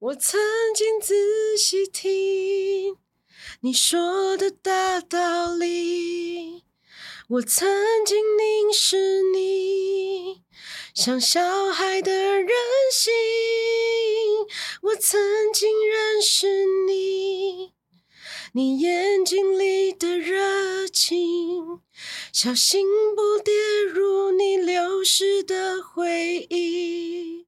我曾經仔細聽你說的大道理，我曾經凝視你像小孩的任性，我曾經認識你，你眼睛裡的熱情，小心不跌入你流失的回憶。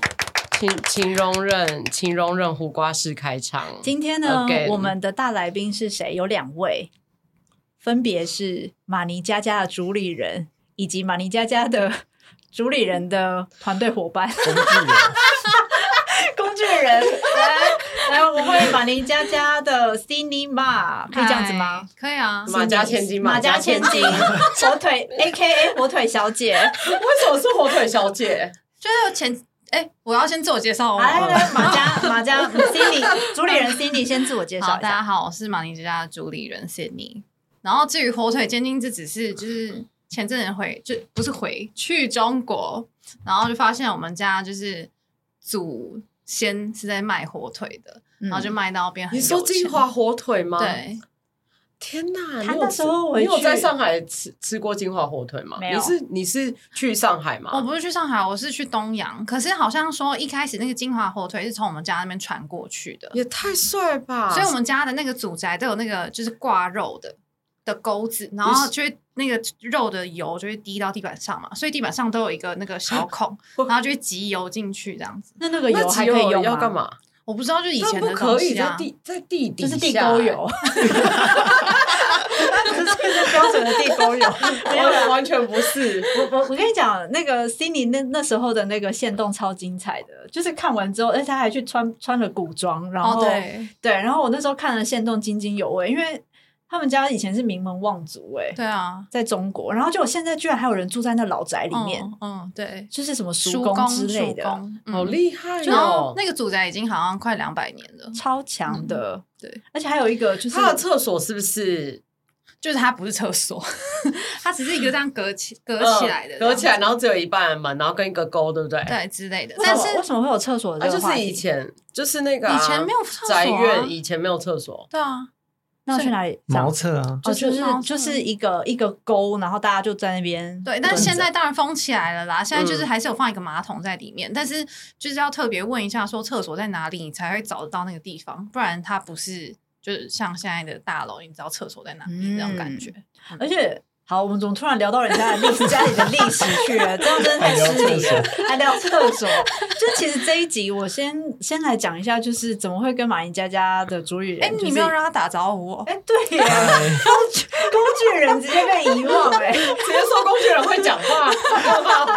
請請容忍，請容忍胡瓜式開場。今天呢，我們的大來賓是誰？有兩位，分別是馬尼家家的主理人，以及馬尼家家的主理人的團隊夥伴——工具人， 工具人。來 來，歡迎馬尼家家的 Sydney Ma，可以這樣子嗎？可以啊，馬家千金，馬家千金，前進 火腿 A K A 火腿小姐。為什麼是火腿小姐？ 就是前。哎、欸，我要先自我介紹哦 馬。馬家馬家 Sydney 主理人 Sydney 先自我介紹一下。大家好，我是馬尼之家的主理人 Sydney。然後至於火腿鑑定，這只是就是前陣子回，就不是回去中國，然後就發現我們家就是祖先是在賣火腿的，嗯、然後就賣到變很。你說金華火腿嗎？對。天哪！你有在上海吃吃過金華火腿嗎？沒有。你是你是去上海嗎？我不是去上海，我是去東陽。可是好像說一開始那個金華火腿是從我們家那邊傳過去的，也太帥吧！所以我們家的那個祖宅都有那個就是掛肉的的鈎子，然後就會那個肉的油就會滴到地板上嘛，所以地板上都有一個那個小孔，然後就會集油進去這樣子。 那那個油還可以用嗎？那我不知道，就以前的，啊、可以啊，地在地底下，這是地溝油 這是標準的地溝油我， 我完全不是。我我我跟你講，那個 Sydney 那那時候的那個限動超精彩的，就是看完之後，哎，他還去穿穿了古裝，然後對，然後我那時候看了限動津津有味，因為。他們家以前是名門望族、欸，哎，對啊，在中國，然後就現在居然還有人住在那老宅裡面，嗯，嗯，對，就是什麼叔公之類的，好厲害哦！嗯、然後那個祖宅已經好像快兩百年了，嗯、超強的，對，而且還有一個就是他的廁所是不是？就是它不是廁所，它 只是一個這樣隔起 隔起來的，隔起來，然後只有一半門，然後跟一個溝，對不對？對之類的。但是為什麼會有廁所？呢、啊？就是以前就是那個以前沒有宅院，以前沒有廁所、啊、所，對啊。那去哪裡？茅廁啊、就是，就是就是一個一個溝，然後大家就在那邊。對，但是現在當然封起來了啦。現在就是還是有放一個馬桶在裡面，嗯、但是就是要特別問一下，說廁所在哪裡，你才會找得到那個地方。不然它不是就是像現在的大樓，你知道廁所在哪裡那種感覺，嗯嗯、而且。好，我們怎麼突然聊到人家的歷史 家裡的歷史去了、啊？這樣真的失禮，還聊廁所。 就其實這一集，我先先來講一下，就是怎麼會跟 MANICHIACHIA 的主理人，哎、欸就是，你沒有讓他打招呼。哎、欸，對呀，工具工具人直接被遺忘、欸，哎， 直接說工具人會講話。好，來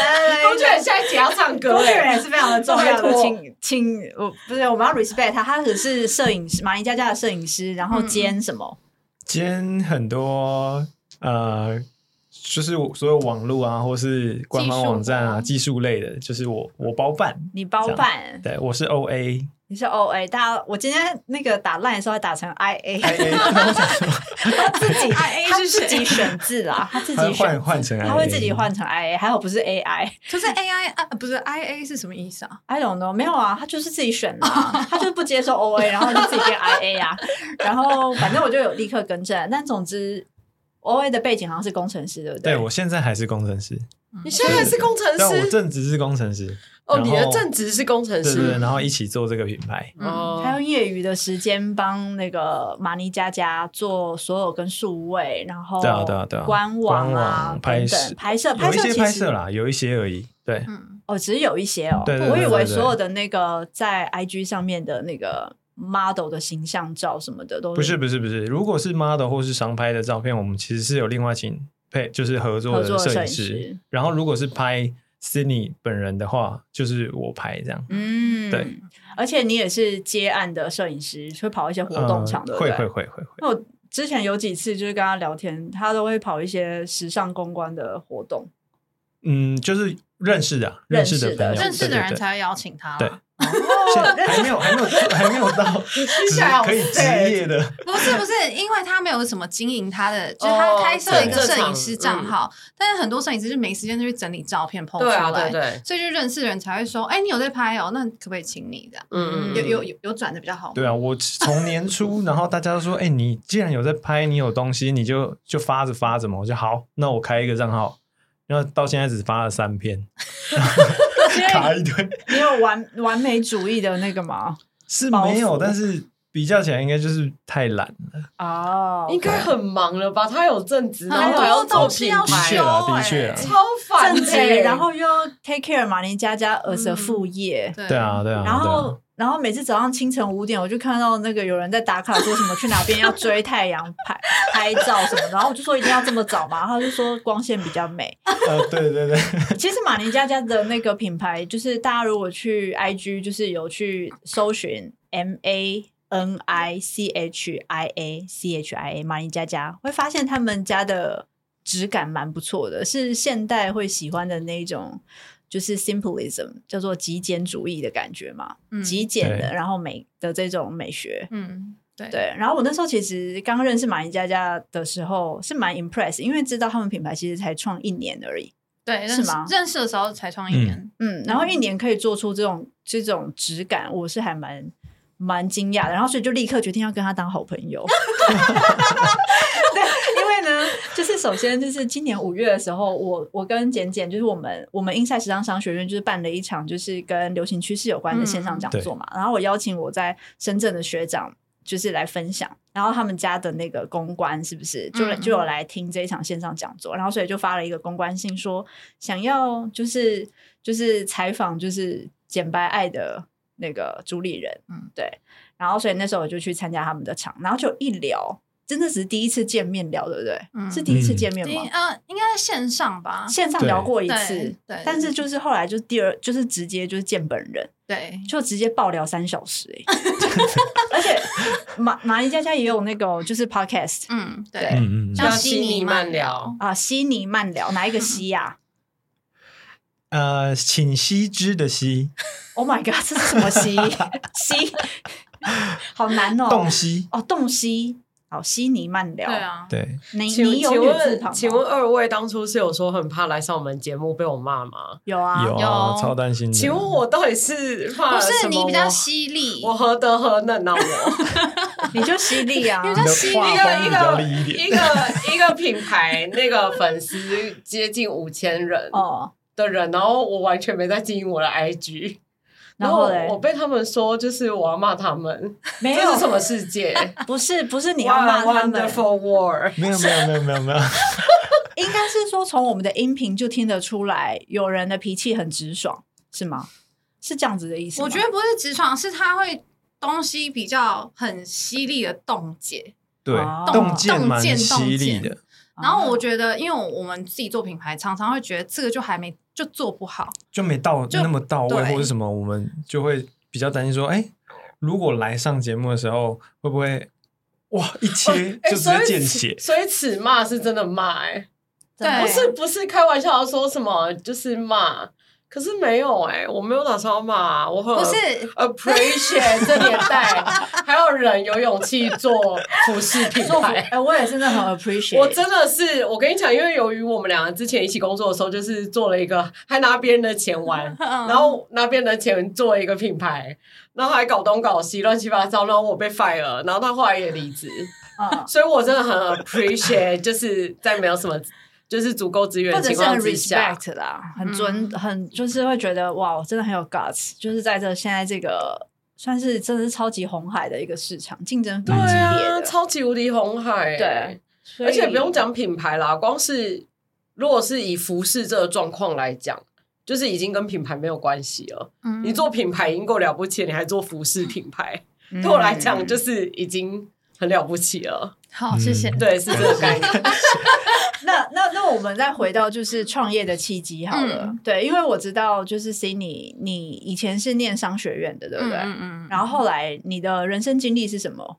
來來，工具人下一集要唱歌，工具人也是非常的重要。的。 人的的請請，我不是我們要 respect 他，他可是攝影師，MANICHIACHIA 的攝影師，然後兼什麼？兼、嗯、很多。呃，就是所有網路啊，或是官方網站啊，技術類的，就是我我包辦，你包辦，對，我是 O A，你是 O A，但我今天那個打 Line 的時候還打成 I A， 他自己 I A 是自己選字啦，他自己換換成、IA，他會自己換成 I A，還好不是 A I，就是 A I 啊，不是 I A 是什麼意思啊？I don't know，沒有啊，他就是自己選的、啊， 他就是不接受 O A，然後你自己變 I A 啊。 然後反正我就有立刻更正，但總之。OA 的背景好像是工程師，對不對？對，我現在還是工程師。你、嗯、現在還是工程師對對？我正職是工程師。哦，你的正職是工程師。然後一起做這個品牌。哦、嗯。他用業餘的時間幫那個馬尼佳佳做所有跟數位，然後啊對啊對啊對啊，對啊，官網啊，拍，等等拍攝拍攝拍攝有一些拍攝啦，有一些而已。對，嗯，哦，只是有一些哦，嗯、對對對對對對我以為所有的那個在 IG 上面的那個。model 的形象照什麼的，都是，不是不是不是。如果是 model 或是常拍的照片，我們其實是有另外請配，就是合作的攝影師。然後如果是拍 Sydney 本人的話，就是我拍這樣。嗯，對。而且你也是接案的攝影師，會跑一些活動場，對、嗯、對？嗯、會會會會會。那我之前有幾次就是跟他聊天，他都會跑一些時尚公關的活動。嗯，就是認識的、啊，認識的，認識的，對對對認識的人才會邀請他、啊。對。哦、還沒有，還沒有，還沒有到可以職業的。不是不是，因為他沒有什麼經營，他的就是他開設一個攝影師賬號、哦，但是很多攝影師就沒時間去整理照片、PO 出來對、啊對對對，所以就認識的人才會說：“哎、欸，你有在拍哦？那可不可以請你的？”嗯，有有有轉的比較好。對啊，我從年初，然後大家都說：“哎、欸，你既然有在拍，你有東西，你就就發着發着嘛。”我就好，那我開一個賬號。”然後到現在只發了三篇。 卡一堆， 你有完完美主義的那個嗎？ 是沒有，但是比較起來，應該就是太懶了哦，oh, okay. 應該很忙了吧？他有正職，然後他還要做品牌啊，的確啊、欸、超煩、正職、欸欸，然後又要 take care MANICHIACHIA 兒孫副業、嗯對啊，對啊，對啊，然後。然後每次早上清晨五點，我就看到那個有人在打卡，說什麼去哪邊要追太陽拍拍照什麼。然後我就說一定要這麼早嘛，然後他就說光線比較美。對對對。其實瑪尼佳佳的那個品牌，就是大家如果去 I G，就是有去搜尋 M A N I C H I A C H I A 馬尼佳佳，會發現他們家的質感蠻不錯的，是現代會喜歡的那種。就是 simplism 叫做極簡主義的感覺嘛，嗯、極簡的，然後美的這種美學，嗯，對，對，然後我那時候其實剛認識 MANICHIACHIA 的時候是蠻 impress，因為知道他們品牌其實才創一年而已，對，是嗎？認識的時候才創一年，嗯，嗯，然後一年可以做出這種這種質感，我是還蠻蠻驚訝的，然後所以就立刻決定要跟他當好朋友。 對，因為呢，就是首先就是今年五月的時候，我我跟簡簡就是我們我們 Insight 時尚商學苑就是辦了一場就是跟流行趨勢有關的線上講座嘛、嗯，然後我邀請我在深圳的學長就是來分享，然後他們家的那個公關是不是就就有來聽這一場線上講座、嗯，然後所以就發了一個公關信說想要就是就是採訪就是簡白愛的。那個主理人，嗯，對，然後所以那時候我就去參加他們的場，然後就一聊，真的是第一次見面聊，對不對、嗯？是第一次見面嗎？嗯、呃，應該在線上吧，線上聊過一次，對，對對，但是就是後來就是第二，就是直接就是見本人，對，就直接爆聊三小時、欸， 而且 MANICHIACHIA 也有那個就是 podcast，嗯，對，對像悉妮慢聊啊，悉妮慢聊哪一個西呀？、啊 呃、uh，請西之的西，Oh my god，這是什麼西？西， 好難哦、喔。洞悉哦，oh, 洞悉，哦，悉尼慢聊。對啊，對。你有？請問請問，請問二位當初是有說很怕來上我們節目被我罵嗎？有啊，有啊，有啊有超擔心你。請問我到底是怕？不是你比較犀利，我何德何能啊？我， 你就犀利啊！你就犀利了一個一個一個一個，一個品牌，那個粉絲接近五千人哦。Oh. 的人，然後我完全沒在經營我的 IG，然後,然後我被他們說就是我要罵他們，這是什麼世界？ 不是不是你要罵他們？沒有沒有沒有沒有沒有，應該是說從我們的音頻就聽得出來，有人的脾氣很直爽，是嗎？是這樣子的意思？我覺得不是直爽，是他會東西比較很犀利的洞見，對，洞見蠻犀利的。然後我覺得，因為我們自己做品牌，常常會覺得這個就還沒。就做不好，就沒到那麼到位，或者什麼，我們就會比較擔心說，哎、欸，如果來上節目的時候，會不會，哇，一切就直接見血、欸所，所以此罵是真的罵、欸，對，不是不是開玩笑，說什麼就是罵。可是沒有誒、欸、我沒有打超碼、啊，我很不是 appreciate 這年代 還有人有勇氣做服飾品牌，哎、欸，我也真的很 appreciate。我真的是，我跟你講，因為由於我們兩個之前一起工作的時候，就是做了一個，還拿別人的錢玩， 然後拿別人的錢做一個品牌，然後還搞東搞西，亂七八糟，然後我被 fired，然後他後來也離職， 所以我真的很 appreciate，就是再沒有什麼。就是足夠資源，或者是很 respect 啦，嗯、很準，很就是會覺得哇，我真的很有 guts，就是在這現在這個算是真的是超級紅海的一個市場，競爭非常激烈。對啊，超級無敵紅海。對，而且不用講品牌啦，光是如果是以服飾這個狀況來講，就是已經跟品牌沒有關係了、嗯。你做品牌已經夠了不起，你還做服飾品牌，對、嗯、我來講就是已經很了不起了。好，謝謝。嗯、對，是這個概念。那那那，我們再回到就是創業的契機好了。嗯、對，因為我知道就是 Sydney 你你以前是念商學院的，對不對？嗯嗯嗯。然後後來你的人生經歷是什麼？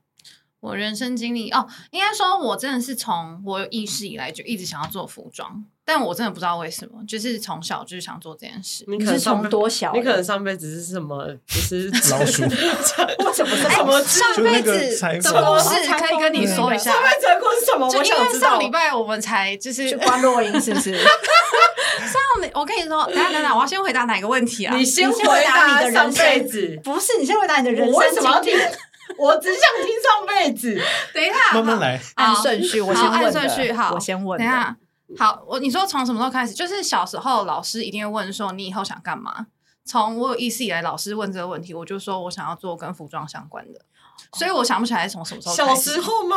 我人生經歷哦，應該說，我真的是從我有意識以來就一直想要做服裝，但我真的不知道為什麼，就是從小就想做這件事。你可能從多小？你可能上輩子是什麼？就是老鼠？ 為怎麼，說什麼、欸上輩子？什麼上輩子？才做麼事？可以跟你說一下？上輩子結果是什我因為上禮拜我們才就是去觀落陰，是不是？上 我跟你說，等一下等等，我要先回答哪個問題啊？你先回答你，回答你的人生子，不是？你先回答你的人生經歷。我為什麼要 我只想聽上輩子。等一下，慢慢來，按順序。我先按順序，好，我先問，我先問。等一下，好，我你說從什麼時候開始？就是小時候，老師一定會問說你以後想幹嘛。從我有意識以來，老師問這個問題，我就說我想要做跟服裝相關的。所以我想不起來從什麼時候開始？哦，小時候嗎？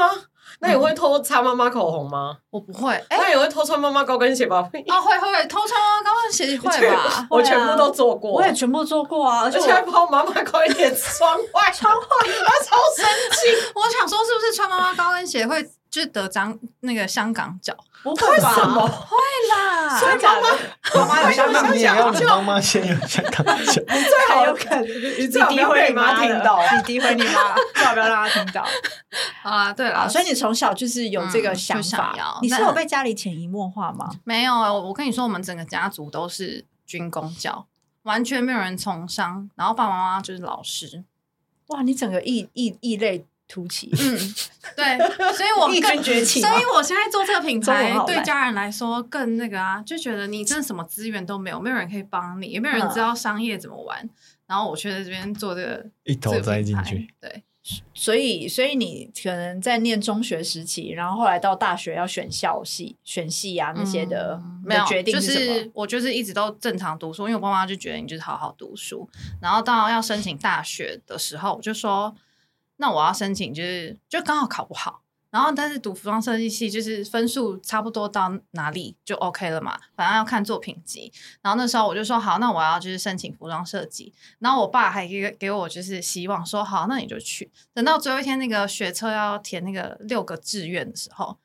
那你會偷擦媽媽口紅嗎？嗯？我不會。欸、那你會偷穿媽媽高跟鞋嗎？哦、啊， 會會偷穿媽媽高跟鞋會吧你？我全部都做過。啊，我也全部做過啊，而且幫媽媽高跟鞋穿壞，穿壞，超生氣。我想說，是不是穿媽媽高跟鞋會就得長那個香港腳？不會吧？麼會啦！所以媽媽，媽媽有想法，媽媽你剛剛你要你媽媽先有想法。 最好有可能，最好不要被媽媽聽到。 你詆毀你媽， 最好不要讓她聽到。 好啊，對了，所以你從小就是有這個想法，嗯、想你是有被家裡潛移默化嗎？沒有，我跟你說，我們整個家族都是軍公教，完全沒有人從商。然後爸爸媽媽就是老師。哇，你整個異異異類。突起， 嗯，對，所以我更崛 起，所以我現在做這個品牌，對家人來說更那個啊，就覺得你真的什麼資源都沒有，沒有人可以幫你，也沒有人知道商業怎麼玩， 然後我卻在這邊做這個一頭栽進去，這個，對，所以，所以你可能在念中學時期，然後後來到大學要選校系、選系啊那些的，沒、嗯、有決定是什麼？就是我就是一直都正常讀書，因為我爸媽就覺得你就是好好讀書，然後到要申請大學的時候，我就說。那我要申請、就是，就是就剛好考不好，然後但是讀服裝設計系就是分數差不多到哪裡就 OK 了嘛，反正要看作品集。然後那時候我就說好，那我要就是申請服裝設計。然後我爸還給給我就是希望說好，那你就去。等到最後一天那個學測要填那個六個志願的時候，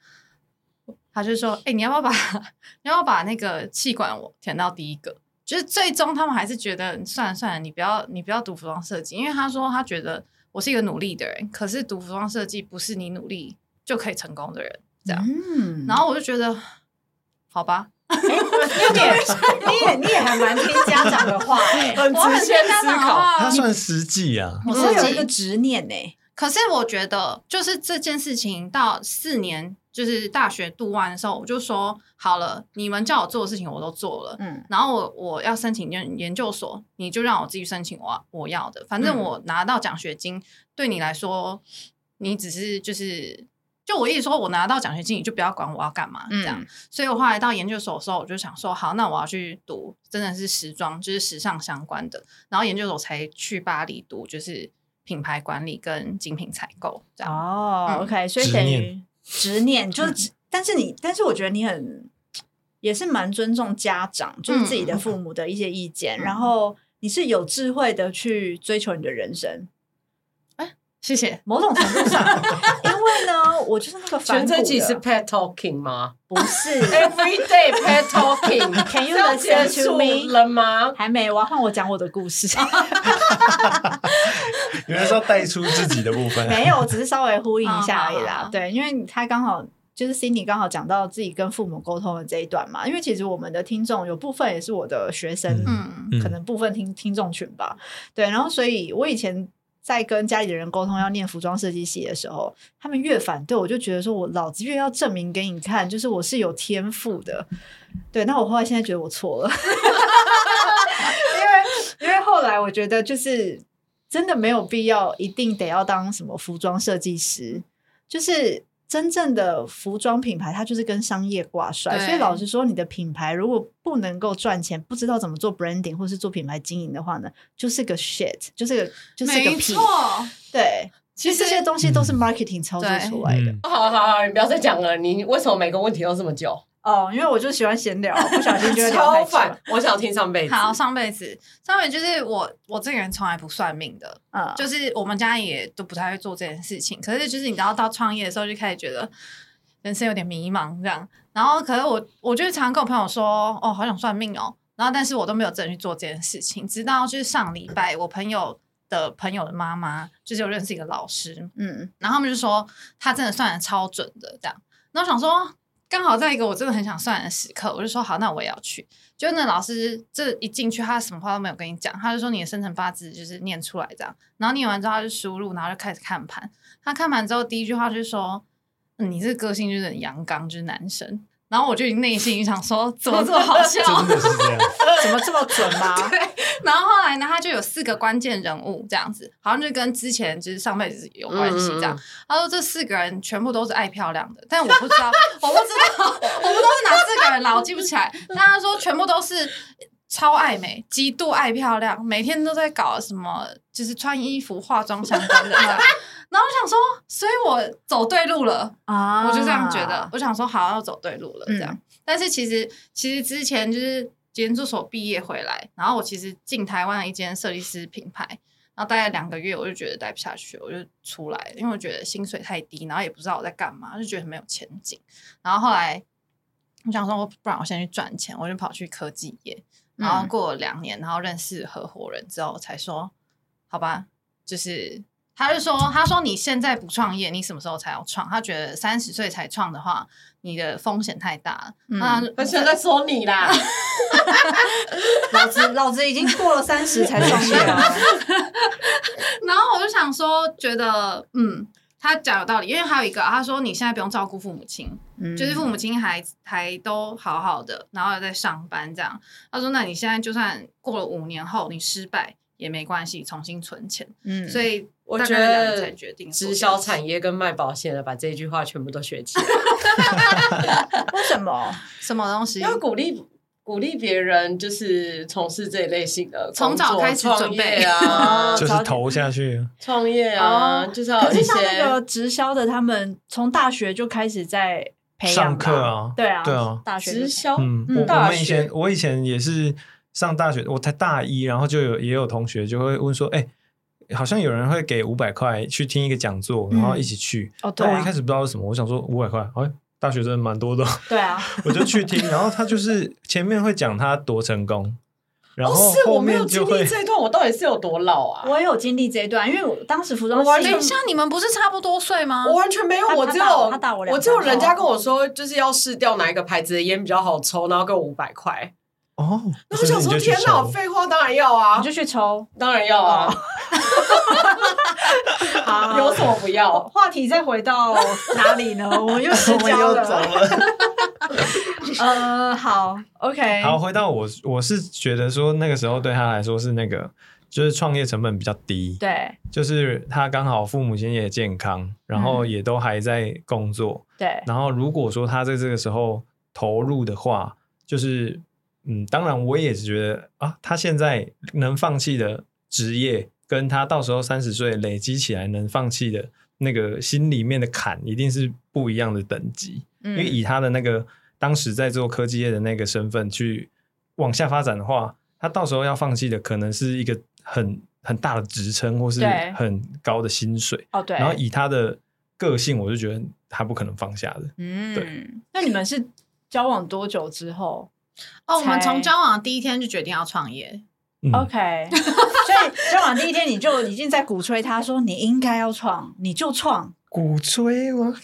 他就說：“哎、欸，你要不要把你要不要把那個企管我填到第一個。”就是最終他們還是覺得算了算了，你不要你不要讀服裝設計，因為他說他覺得。我是一個努力的人，可是讀服裝設計不是你努力就可以成功的人，這樣。嗯，然後我就覺得，好吧， 你也 你也 你也還蠻聽家長的話哎，我很聽家長啊， 他算實際啊，我說有一個執念哎、欸。可是我覺得，就是這件事情到四年，就是大學讀完的時候，我就說好了，你們叫我做的事情我都做了，嗯，然後我我要申請研研究所，你就讓我自己申請我我要的，反正我拿到獎學金，對你來說，你只是就是，就我一直說我拿到獎學金，你就不要管我要幹嘛，這樣，所以我後來到研究所的時候，我就想說，好，那我要去讀，真的是時裝，就是時尚相關的，然後研究所才去巴黎讀，就是。品牌管理跟精品採購這樣哦，OK、嗯、所以等於執念，念就是、嗯、但是你，但是我覺得你很也是蠻尊重家長、嗯，就是自己的父母的一些意見、嗯，然後你是有智慧的去追求你的人生。哎、嗯欸，謝謝。某種程度上。 因為呢，我就是那個反骨的，全，這集是 pet talking 嗎？不是 ，every day pet talking。Can you listen to me？了嗎？還沒，我要換我講我的故事。有人說帶出自己的部分、啊， 沒有，只是稍微呼應一下而已啦。Uh -huh. 對，因為他剛好就是 Sydney 剛好講到自己跟父母溝通的這一段嘛。因為其實我們的聽眾有部分也是我的學生，嗯，可能部分聽聽眾群吧。對，然後所以，我以前。在跟家裡的人溝通要念服裝設計系的時候，他們越反對，我就覺得說，我老子越要證明給你看，就是我是有天賦的。對，那我後來現在覺得我錯了， 因為因為後來我覺得，就是真的沒有必要，一定得要當什麼服裝設計師，就是。真正的服裝品牌，它就是跟商業掛帥。所以老實說，你的品牌如果不能夠賺錢，不知道怎麼做 branding，或是做品牌經營的話呢，就是個 shit，就是個就是個屁。沒錯。對，其實這些東西都是 marketing 操作出來的。嗯嗯、好好好，你不要再講了。你為什麼每個問題都這麼久？哦，因為我就喜歡閒聊，不小心就會聊太遠 超煩，我想聽上輩子。好，上輩子，上輩子就是我，我這個人從來不算命的，嗯，就是我們家也都不太會做這件事情。可是，就是你知道，到創業的時候就開始覺得人生有點迷茫，這樣。然後，可是我，我就常跟我朋友說，哦，好想算命哦。然後，但是我都沒有真去做這件事情。直到就是上禮拜，我朋友的朋友的媽媽就是有認識一個老師，嗯，然後他們就說他真的算的超準的，這樣。然後我想說。剛好在一個我真的很想算的時刻，我就說好，那我也要去。就那老師這一進去，他什麼話都沒有跟你講，他就說你的生辰八字就是念出來這樣。然後念完之後，他就輸入，然後就開始看盤。他看盤之後，第一句話就是說，嗯，你這個個性就是很陽剛，就是男生。然後我就內心一想說，怎麼這麼好笑？真的是怎麼這麼準嗎、啊？ 然後後來呢，他就有四個關鍵人物這樣子，好像就跟之前就是上輩子有關係這樣嗯嗯。他說這四個人全部都是愛漂亮的， 但我不知道，我不知道，我們都是哪四個人，老記不起來。 但他說全部都是超愛美，極度愛漂亮，每天都在搞什麼，就是穿衣服、化妝相關的。 然後我想說，所以我走對路了啊！我就這樣覺得。我想說，好，要走對路了這樣，嗯。但是其實，其實之前就是研究所畢業回來，然後我其實進台灣的一間設計師品牌，然後待了兩個月，我就覺得待不下去，我就出來，因為我覺得薪水太低，然後也不知道我在幹嘛，就覺得沒有前景。然後後來我想說我，不然我先去賺錢，我就跑去科技業，然後過了兩年，然後認識合夥人之後，才說好吧，就是。他就說：“他說你現在不創業，你什麼時候才要創？他覺得三十歲才創的話，你的風險太大了。那、嗯、現在說你啦， 老子老子已經過了三十才創業、啊、 然後我就想說，覺得嗯，他講有道理，因為還有一個，他說你現在不用照顧父母親、嗯，就是父母親還還都好好的，然後還在上班這樣。他說，那你現在就算過了五年後，你失敗。”也沒關係，重新存錢。嗯，所以我覺得才決定直銷產業跟賣保險的，把這一句話全部都學起來。 為什麼？什麼東西？因為鼓勵鼓勵別人，就是從事這一類型的，從早開始準備啊，就是投下去創業啊，就 是、哦。可是像那個直銷的，他們從大學就開始在培養課啊，對啊，對啊，對哦、大學直銷、嗯。嗯，我以前我以前也是。上大學，我才大一，然後就有也有同學就會問說，哎、欸，好像有人會給五百塊去聽一個講座、嗯，然後一起去、哦對啊。但我一開始不知道是什麼，我想說五百塊，哎、欸，大學生蠻多的。對啊，我就去聽， 然後他就是前面會講他多成功後後，不是，我沒有經歷這一段，我到底是有多老啊？我也有經歷這一段，因為我當時服裝，等一下像你們不是差不多歲嗎？我完全沒有，我只有他大我兩我，我只有人家跟我說就是要試掉哪一個牌子的煙比較好抽，然後給我五百塊。哦，那我想說，是是天哪！廢話當然要啊，你就去抽，當然要啊。哦、 好 有什麼不要？話題再回到哪裡呢？我又失焦了。我又走了 呃，好，OK。好，回到我，我是覺得說那個時候對他來說是那個，就是創業成本比較低。對，就是他剛好父母親也健康，然後也都還在工作、嗯。對，然後如果說他在這個時候投入的話，就是。嗯，當然，我也是覺得啊，他現在能放棄的職業，跟他到時候三十歲累積起來能放棄的那個心裡面的坎，一定是不一樣的等級，嗯。因為以他的那個當時在做科技業的那個身份去往下發展的話，他到時候要放棄的可能是一個很很大的職稱，或是很高的薪水。哦，對。然後以他的個性，我就覺得他不可能放下的。嗯，對。那你們是交往多久之後？哦，我們從交往第一天就決定要創業，OK。嗯、 所以交往第一天你就已經在鼓吹他，說你應該要創，你就創。鼓吹我？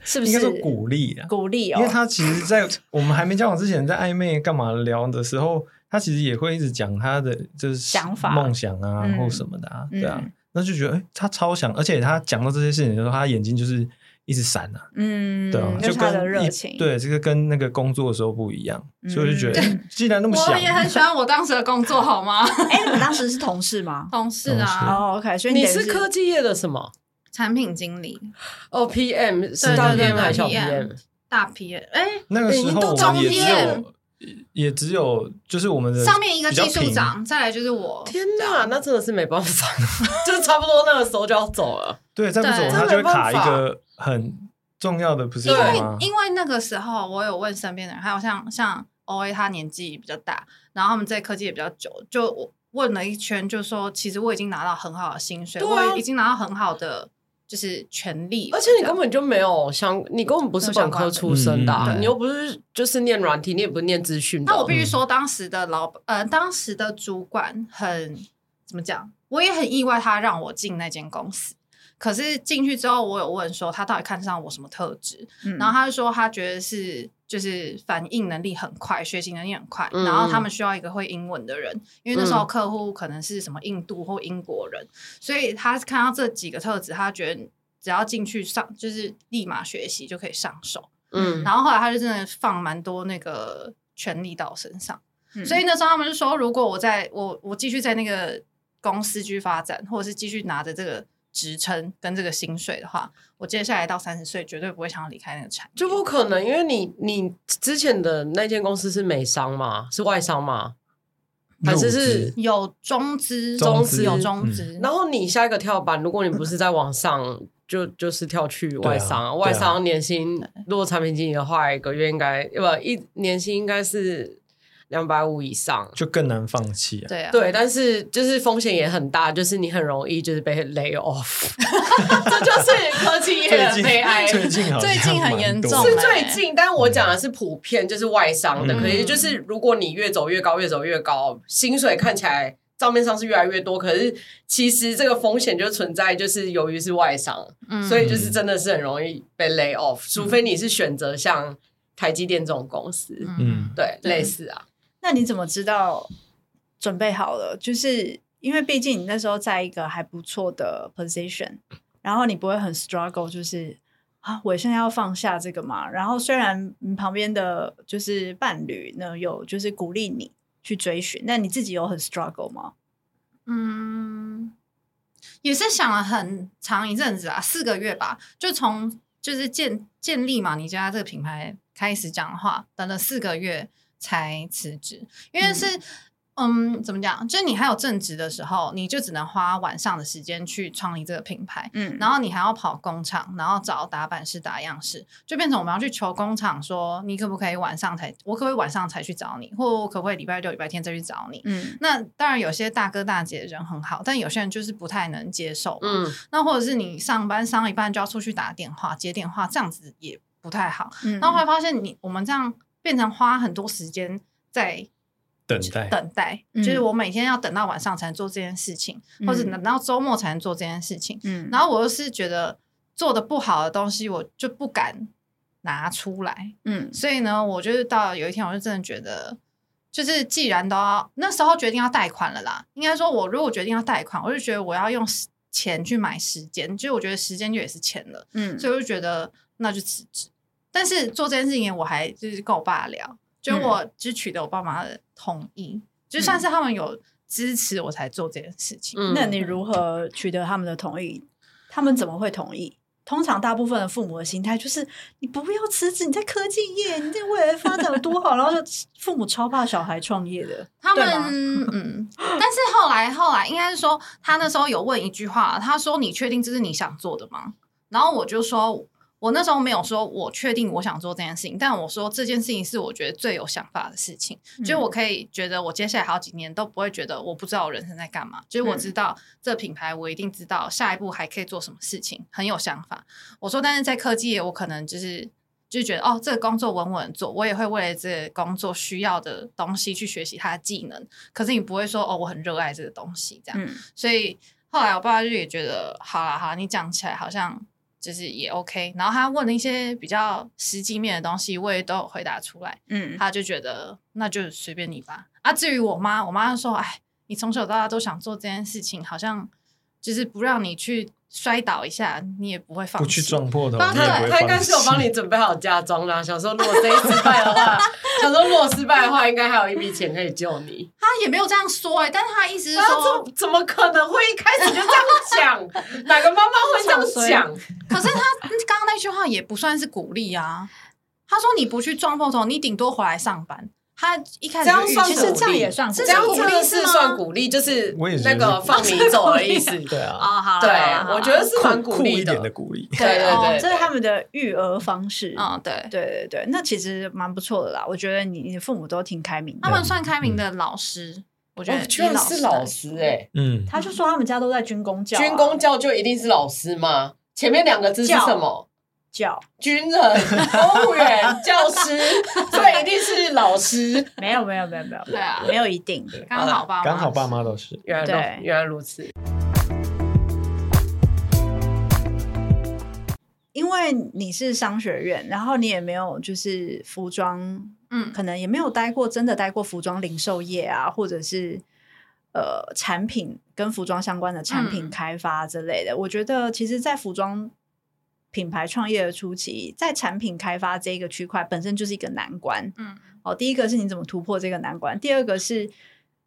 是不是應該是鼓勵啊？鼓勵哦，因為他其實，在我們還沒交往之前，在曖昧幹嘛聊的時候， 他其實也會一直講他的就是想法、夢想啊，或什麼的啊，對啊，嗯、那就覺得、欸、他超想，而且他講到這些事情的時候，他眼睛就是。一直閃吶、啊，嗯，對、啊、就跟熱、就是、情，對，這個跟那個工作的時候不一樣，嗯、所以我就覺得，既、欸、然那麼喜我也很喜歡我當時的工作，好嗎？哎、 欸，你當時是同事嗎？同事啊，事哦，OK，所以你是，你是科技業的什麼？產品經理，哦，PM，是大 PM，大 PM，哎、欸，那個時候我們也只有，嗯、也只有，就是我們的上面一個技術長，再來就是我，天哪、啊，那真的是沒辦法， 就是差不多那個時候就要走了，對，再不走他就會卡一個。很重要的不是因為，因為那個時候我有問身邊的人，還有像像 OA 他年紀比較大，然後他們在科技也比較久，就問了一圈，就說其實我已經拿到很好的薪水，對啊，我已經拿到很好的就是權利，而且你根本就沒有想，你根本不是本科出身的，啊嗯，你又不是就是念軟體，你也不是念資訊，那我必須說當時的老闆、嗯、呃當時的主管很怎麼講，我也很意外他讓我進那間公司。可是進去之後，我有問說他到底看上我什麼特質、嗯，然後他就說他覺得是就是反應能力很快，嗯、學習能力很快，然後他們需要一個會英文的人，嗯、因為那時候客戶可能是什麼印度或英國人，嗯、所以他看到這幾個特質，他覺得只要進去上就是立馬學習就可以上手，嗯，然後後來他就真的放蠻多那個權力到我身上、嗯，所以那時候他們就說如果我在我我繼續在那個公司去發展，或者是繼續拿着這個。職稱跟這個薪水的話，我接下來到三十歲絕對不會想要離開那個產業，就不可能，因為你你之前的那間公司是美商嘛，是外商嘛，嗯、還是是中資有中資，中資有中資、嗯，然後你下一個跳板，如果你不是在往上，嗯、就就是跳去外商，啊、外商年薪、啊、如果產品經理的話，一個月應該要不一年薪應該是。兩百五以上就更難放棄啊！對啊，對，但是就是風險也很大，就是你很容易就是被 lay off， 這就是科技業的悲哀。最近很嚴重，是最近，但我講的是普遍，就是外商的，嗯、可能可是就是如果你越走越高，越走越高，薪水看起來賬面上是越來越多，可是其實這個風險就存在，就是由於是外商、嗯、所以就是真的是很容易被 lay off，除非你是選擇像台積電這種公司，嗯，對，嗯、類似啊。那你怎麼知道準備好了？就是因為畢竟你那時候在一個還不錯的 position，然後你不會很 struggle，就是啊，我現在要放下這個嘛。然後雖然你旁邊的就是伴侶呢有就是鼓勵你去追尋，但你自己有很 struggle 嗎？嗯，也是想了很長一陣子啊，四個月吧，就從就是建建立 MANICHIACHIA 這個品牌開始講話，等了四個月。才辭職，因為是嗯、嗯，怎麼講？就你還有正職的時候，你就只能花晚上的時間去創立這個品牌，嗯，然後你還要跑工廠，然後找打版師打樣師，就變成我們要去求工廠說，你可不可以晚上才？我可不可以晚上才去找你？或我可不可以禮拜六、禮拜天再去找你？嗯，那當然有些大哥大姐人很好，但有些人就是不太能接受，嗯，那或者是你上班上一半就要出去打電話、接電話，這樣子也不太好，那、嗯、然後會發現你我們這樣。變成花很多時間在等待，等待，嗯，就是我每天要等到晚上才能做這件事情，嗯，或者等到周末才能做這件事情。嗯，然後我又是覺得做的不好的東西，我就不敢拿出來。嗯，所以呢，我就是到了有一天，我就真的覺得，就是既然都要那時候決定要貸款了啦。應該說，我如果決定要貸款，我就覺得我要用錢去買時間，就我覺得時間就也是錢了。嗯，所以我就覺得那就辭職。但是做這件事情，我還就是跟我爸聊，就我只取得我爸媽的同意，嗯、就算是他們有支持我才做這件事情，嗯。那你如何取得他們的同意？他們怎麼會同意？通常大部分的父母的心態就是：你不要辭職，你在科技業，你在未來發展有多好。 然後，就父母超怕小孩創業的。他們嗯，但是後來後來，應該是說他那時候有問一句話，他說：“你確定這是你想做的嗎？”然後我就說。我那時候沒有說，我確定我想做這件事情，但我說這件事情是我覺得最有想法的事情，嗯、就我可以覺得我接下來好幾年都不會覺得我不知道我人生在幹嘛，就我知道這品牌，我一定知道下一步還可以做什麼事情，很有想法。我說，但是在科技業，我可能就是就覺得哦，這個工作穩穩做，我也會為了這個工作需要的東西去學習他的技能。可是你不會說哦，我很熱愛這個東西這樣、嗯。所以後來我爸就也覺得，好啦，好啦，你講起來好像。就是也 OK，然後他問了一些比較實際面的東西，我也都有回答出來。嗯，他就覺得那就隨便你吧。啊，至於我媽，我媽就說，哎，你從小到大都想做這件事情，好像就是不讓你去。摔倒一下，你也不會放棄。不去撞破的話，他應該是有幫你準備好嫁妝啦。想說如果這一次失敗的話，想 說如果失敗的話， 應該還有一筆錢可以救你。他也沒有這樣說哎、欸，但是他意思是說，怎麼可能會一開始就這樣講？ 哪個媽媽會這樣講？可是他剛剛那句話也不算是鼓勵啊。 他說你不去撞破頭，你頂多回來上班。他一開始算是其實這樣也算，這樣鼓勵是算鼓勵，就是那個放你走的意思。 對啊，啊、哦、好，對、啊對啊，我覺得是蠻鼓勵的，的鼓勵。對對對，這是他們的育兒方式。啊、哦、對、對對對，那其實蠻不錯的啦。我覺得你你的父母都挺開明，他們算開明的老師，嗯、我覺得居然是老師誒、欸。嗯，他就說他們家都在軍公教、啊，軍公教就一定是老師嗎？前面兩個字是什麼？教軍人、公務員、 教師，所以一定是老師？ 沒有沒有沒有沒有對啊，沒有一定。剛好，好爸剛好爸媽都是，原來對，原來如此。因為你是商學院，然後你也沒有就是服裝，嗯，可能也沒有待過真的待過服裝零售業啊，或者是呃產品跟服裝相關的產品開發之類的。嗯，我覺得其實，在服裝。品牌創業的初期，在產品開發這一個區塊本身就是一個難關。嗯，哦，第一個是你怎麼突破這個難關，第二個是。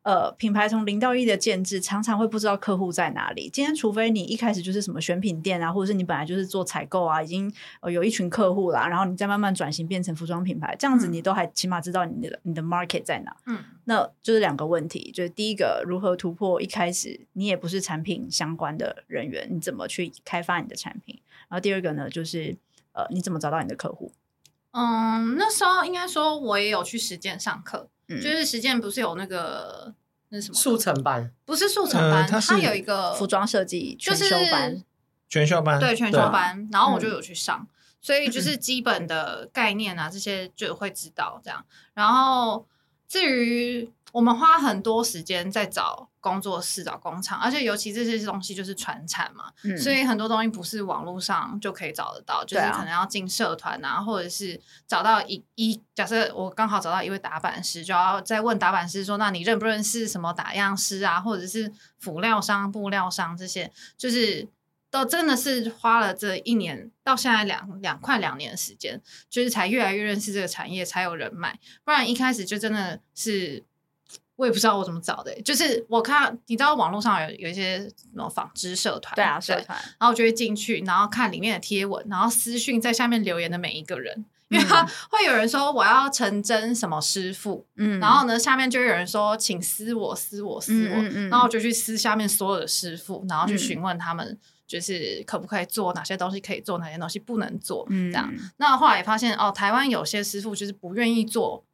呃，品牌從零到一的建置，常常會不知道客戶在哪裡。今天，除非你一開始就是什麼選品店啊，或者是你本來就是做採購啊，已經有一群客戶啦、啊，然後你再慢慢轉型變成服裝品牌，這樣子你都還起碼知道你的、嗯、你的 market 在哪。嗯，那就是兩個問題，就是第一個，如何突破一開始你也不是產品相關的人員，你怎麼去開發你的產品？然後第二個呢，就是呃，你怎麼找到你的客戶？嗯，那時候應該說，我也有去實踐上課。就是實踐不是有那個那什麼速成班，不是速成班，嗯，它，它有一個服裝設計全修班，就是，全修班全修班，對，全修班，然後我就有去上，嗯，所以就是基本的概念啊，嗯，這些就會知道這樣，然後。至於我們花很多時間在找工作室、找工廠，而且尤其這些東西就是傳產嘛、嗯，所以很多東西不是網絡上就可以找得到，嗯、就是可能要進社團、啊，啊，或者是找到一一，假設我剛好找到一位打版師，就要再問打版師說，那你認不認識什麼打樣師啊，或者是輔料商、布料商這些，就是。都真的是花了這一年到現在兩兩快兩年的時間，就是才越來越認識這個產業，才有人脈。不然一開始就真的是，我也不知道我怎麼找的。就是我看你知道網絡上有有一些什麼紡織社團，對啊對社團，然後我就會進去，然後看裡面的貼文，然後私訊在下面留言的每一個人，嗯、因為會有人說我要成真什麼師傅，嗯，然後呢下面就有人說請私我私我私我，私我，嗯嗯嗯，然後就去私下面所有的師傅，然後去詢問他們。嗯就是可不可以做哪些東西，可以做哪些東西不能做，嗯，這樣。那後來也發現哦，台灣有些師傅就是不願意做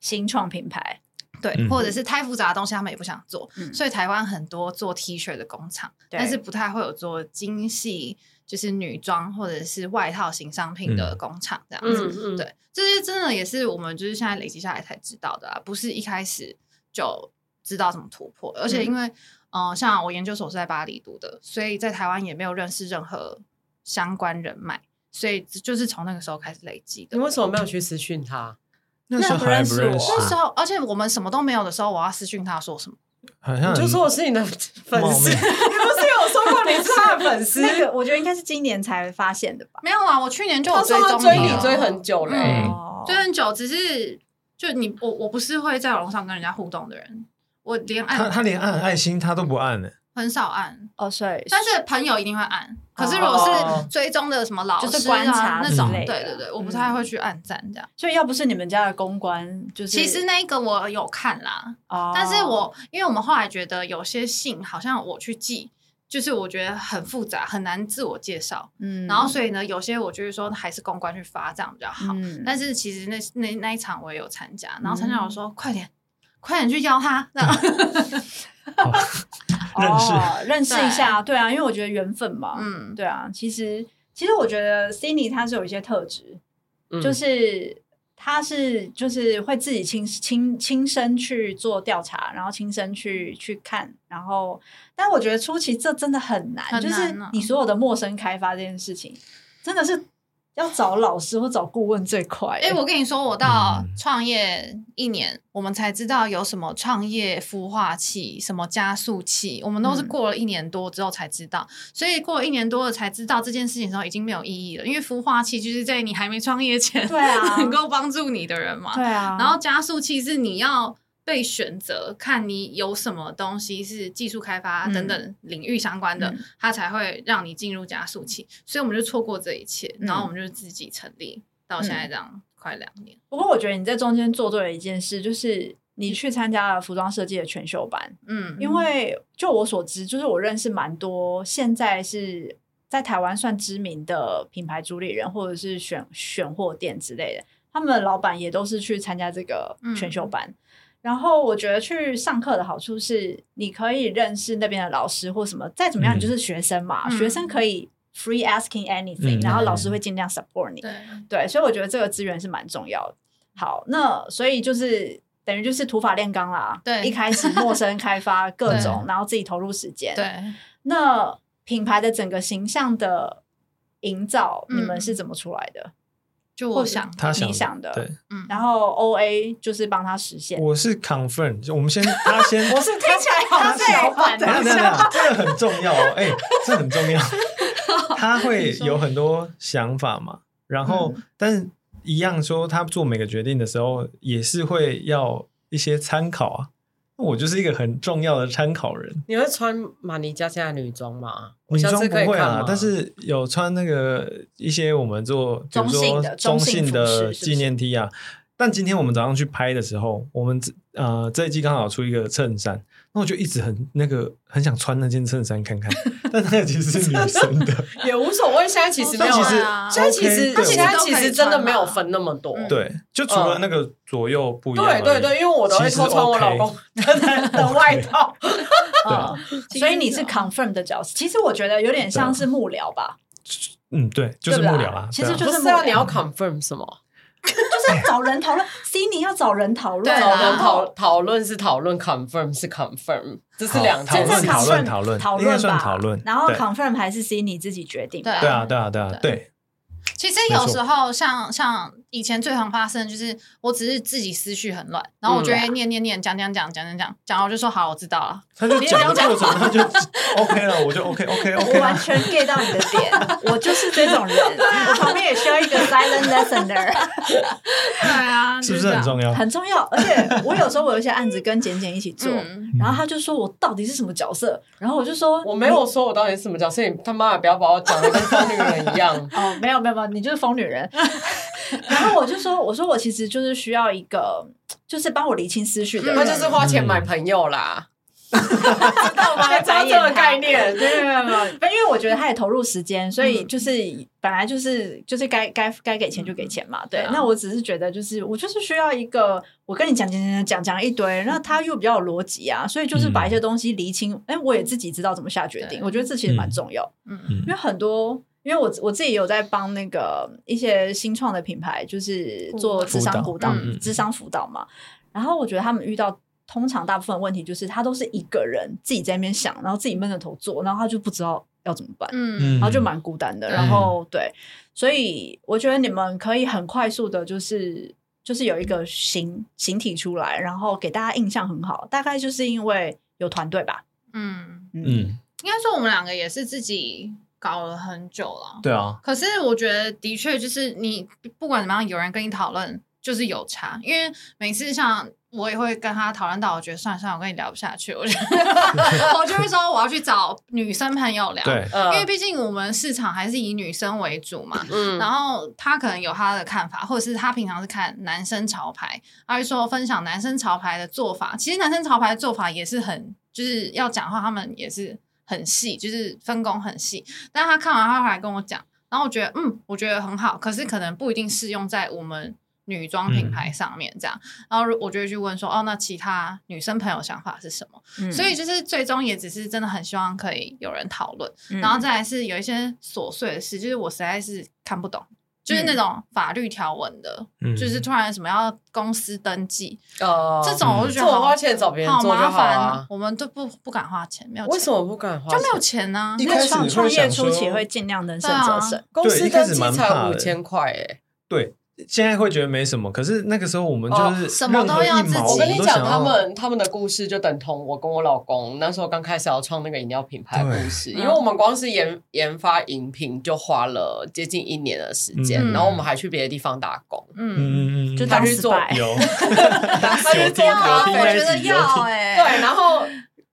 新創品，品牌，對，或者是太複雜的東西，他們也不想做。嗯，所以台灣很多做 T 恤的工廠，嗯，但是不太會有做精細，就是女裝或者是外套型商品的工廠，嗯，這樣子。對，這些真的也是我們就是現在累積下來才知道的啊。不是一開始就。知道怎麼突破，而且因為、嗯，呃，像我研究所是在巴黎讀的，所以在台灣也沒有認識任何相關人脈，所以就是從那個時候開始累積的。你為什麼沒有去私訊他？那時候還不認識我。啊。那時候，而且我們什麼都沒有的時候，我要私訊他，他說什麼？你就說我是你的粉絲。你不是有說過你是他的粉絲？我覺得應該是今年才發現的吧。 沒有啊，我去年就有追，他他追你，追很久了。嗯嗯，追很久，只是就你我我不是會在網上跟人家互動的人。我連按他，他連按愛心他都不按呢，很少按哦。所以，但是朋友一定會按。So, 可是如果是追蹤的什麼老師啊 oh, oh, oh. 那種、就是觀察的？對對對、嗯，我不太會去按讚這樣。所以要不是你們家的公關，就是其實那一個我有看啦。Oh. 但是我因為我們後來覺得有些信好像我去寄，就是我覺得很複雜，很難自我介紹。嗯，然後所以呢，有些我就是說還是公關去發這樣比較好、嗯。但是其實那那那一場我也有參加，然後參加老師說、嗯、快點。快點去邀他，認 識認識一下對，對啊，因為我覺得緣分嘛，嗯，對啊，其實其實我覺得 Sydney 他是有一些特質、嗯，就是他是就是會自己親親親身去做調查，然後親身去去看，然後，但我覺得初期這真的很難，很難、啊，就是你所有的陌生開發這件事情，真的是。要找老師或找顧問最快、欸。哎、欸，我跟你說，我到創業一年、嗯，我們才知道有什麼創業孵化器、什麼加速器。我們都是過了一年多之後才知道，嗯、所以過了一年多了才知道這件事情的時候，已經沒有意義了。因為孵化器就是在你還沒創業前，對啊，能夠幫助你的人嘛，對啊。然後加速器是你要。被選擇，看你有什麼東西是技術開發等等領域相關的，嗯、它才會讓你進入加速器、嗯。所以我們就錯過這一切，嗯、然後我們就自己成立到現在這樣快兩年。不過我覺得你在中間做對了一件事，就是你去參加了服裝設計的全修班。嗯，因為就我所知，就是我認識蠻多現在是在台灣算知名的品牌主理人，或者是選選貨店之類的，他們的老板也都是去參加這個全修班。嗯然後我覺得去上課的好處是，你可以認識那邊的老師或什麼，再怎麼樣你就是學生嘛、嗯，學生可以 free asking anything，、嗯、然後老師會盡量 support 你，對。對，所以我覺得這個資源是蠻重要的。好，那所以就是等於就是土法煉鋼啦，對，一開始陌生開發各種， 然後自己投入時間。對，那品牌的整個形象的營造，你們是怎麼出來的？嗯就我想他想的，想的對，然後 OA 就是幫他實現。我是 confirm，就我們先他先，我 是聽起來好，他是老闆，這樣這樣這這個很重要哦，哎、 欸，這很重要。 他會有很多想法嘛，然後、嗯、但是一樣說，他做每個決定的時候也是會要一些參考啊。我就是一個很重要的參考人。你會穿馬尼加加的女裝嗎？女裝不會啊，但是有穿那個一些我們做，比如說中性的紀念 T 啊是是。但今天我們早上去拍的時候，我們呃這一季剛好出一個襯衫。嗯那我就一直很那個，很想穿那件襯衫看看， 但那個其實是女生的， 也無所謂。現在其實沒有了、 啊，現在其實他其他其實真的沒有分那麼多、嗯。對，就除了那個左右不一樣、嗯。對對對，因為我都會偷穿我老公 OK, 的外套。 對啊、嗯，所以你是 confirm 的角色。 其實我覺得有點像是幕僚吧。嗯，對，就是幕僚啊。其實就是，啊不是啊嗯、你要 confirm 什麼？ 就是找人討論 Sydney 要找人討論、哎、啊。討論討論是討論，confirm 是 confirm，這是兩討論討論討論吧。然後 confirm 還是 Sydney 自己決定。對啊，對啊，對啊，對。對。其實有時候像像。以前最常發生的就是，我只是自己思緒很亂，然後我就會念念念，講講講，講講講，講講講，講我就說好，我知道了。他、嗯、就 講講講，他就 OK 了，我就 OK OK OK。我完全 get 到你的點， 我就是這種人， 我旁邊也需要一個 silent listener。 對啊是，是不是很重要？很重要。而且我有時候我有一些案子跟簡簡一起做、 嗯，然後他就說我到底是什麼角色，然後我就說我沒有說我到底是什麼角色，你他媽也不要把我講的跟瘋女人一樣。 哦，沒有沒有沒有，你就是瘋女人。 那、 啊、我就說，我說我其實就是需要一個，就是幫我理清思緒的人、嗯。那就是花錢買朋友啦，哈我哈哈哈。知道這個概念，對對，那因為我覺得他也投入時間，所以就是本來就是就是該該該給錢就給錢嘛。嗯、對，對、啊。那我只是覺得，就是我就是需要一個，我跟你講講講講講一堆，那他又比較有邏輯啊，所以就是把一些東西理清。哎、嗯欸，我也自己知道怎麼下決定。我覺得這其實蠻重要。嗯嗯。因為很多。因為我我自己有在幫那個一些新創的品牌，就是做諮商輔導、諮、嗯、商輔導嘛、嗯嗯。然後我覺得他們遇到通常大部分問題，就是他都是一個人自己在那邊想，然後自己悶着頭做，然後他就不知道要怎麼辦，嗯，然後就蠻孤單的。然後、嗯、對，所以我覺得你們可以很快速的，就是就是有一個形形體出來，然後給大家印象很好。大概就是因為有團隊吧，嗯嗯，應該說我們兩個也是自己搞了很久了，對啊。可是我覺得，的確就是你不管怎麼樣，有人跟你討論就是有差，因為每次像我也會跟他討論到，我覺得算了算了，我跟你聊不下去，我就 我就會說我要去找女生朋友聊，對，因為畢竟我們市場還是以女生為主嘛，嗯。然後他可能有他的看法，或者是他平常是看男生潮牌，而說分享男生潮牌的做法。其實男生潮牌的做法也是很，就是要講話，他們也是。很細，就是分工很細。但他看完他還跟我講，然後我覺得，嗯，我覺得很好，可是可能不一定適用在我們女裝品牌上面這樣。嗯、然後我就會去問說，哦，那其他女生朋友想法是什麼、嗯？所以就是最終也只是真的很希望可以有人討論、嗯，然後再來是有一些瑣碎的事，就是我實在是看不懂。就是那種法律條文的、嗯，就是突然什麼要公司登記，嗯、這種就、嗯、做我就覺得，花錢找別人好,、啊、好麻煩、啊，我們都不不敢花錢，沒有錢，為什麼不敢花錢？就沒有錢呢、啊？一開始創業初期會盡量能省則省，公司登記才五千塊，哎，對。現在會覺得沒什麼，可是那個時候我們就是、哦、什麼都要自己。我跟你講，他們他們的故事就等同我跟我老公那時候剛開始要創那個飲料品牌的故事，因為我們光是研、嗯、研發飲品就花了接近一年的時間、嗯，然後我們還去別的地方打工，嗯嗯嗯，就打日做。打酒店，我覺得要、欸、對，然後。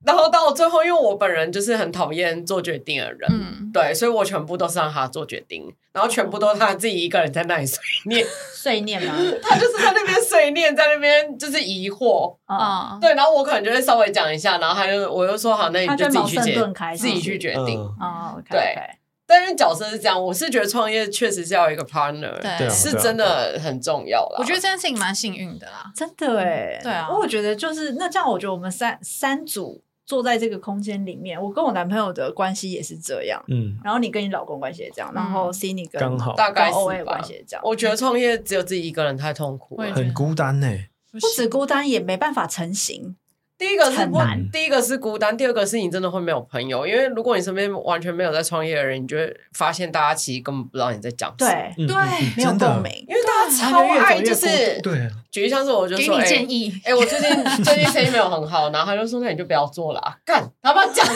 然後到最後，因為我本人就是很討厭做決定的人，嗯、對，所以我全部都是讓他做決定，然後全部都是他自己一個人在那裡碎念碎念嗎？ 他就是在那邊碎念，在那邊就是疑惑啊、哦。對，然後我可能就會稍微講一下，然後他就我又說好，那你就自己去解，自己去決定、嗯嗯、對，嗯、okay, okay, 但是角色是這樣，我是覺得創業確實是要一個 partner，對，是真的很重要啦。我覺得這件事情蠻幸運的啦、啊啊啊，真的哎。對啊，我覺得就是那這樣，我覺得我們三三組。坐在這個空間裡面，我跟我男朋友的關係也是這樣。嗯，然後你跟你老公關係也這樣，嗯、然後、Sydney 跟剛好、跟 OA 的關係也這樣、大概是吧 我覺得創業只有自己一個人太痛苦，、欸，很孤單呢、欸。不止孤單，也沒辦法成型。第一個是難，第一個是孤單，第二個是你真的會沒有朋友。因為如果你身邊完全沒有在創業的人，你就會發現大家其實根本不知道你在講什麼。對、嗯、對、嗯，沒有共鳴，因為大家超愛就是越走越孤獨，對。舉例像是我就說，就給你建議。欸欸、我最近最近生意沒有很好， 然後他就說：“那你就不要做了。幹”幹， 要不要講他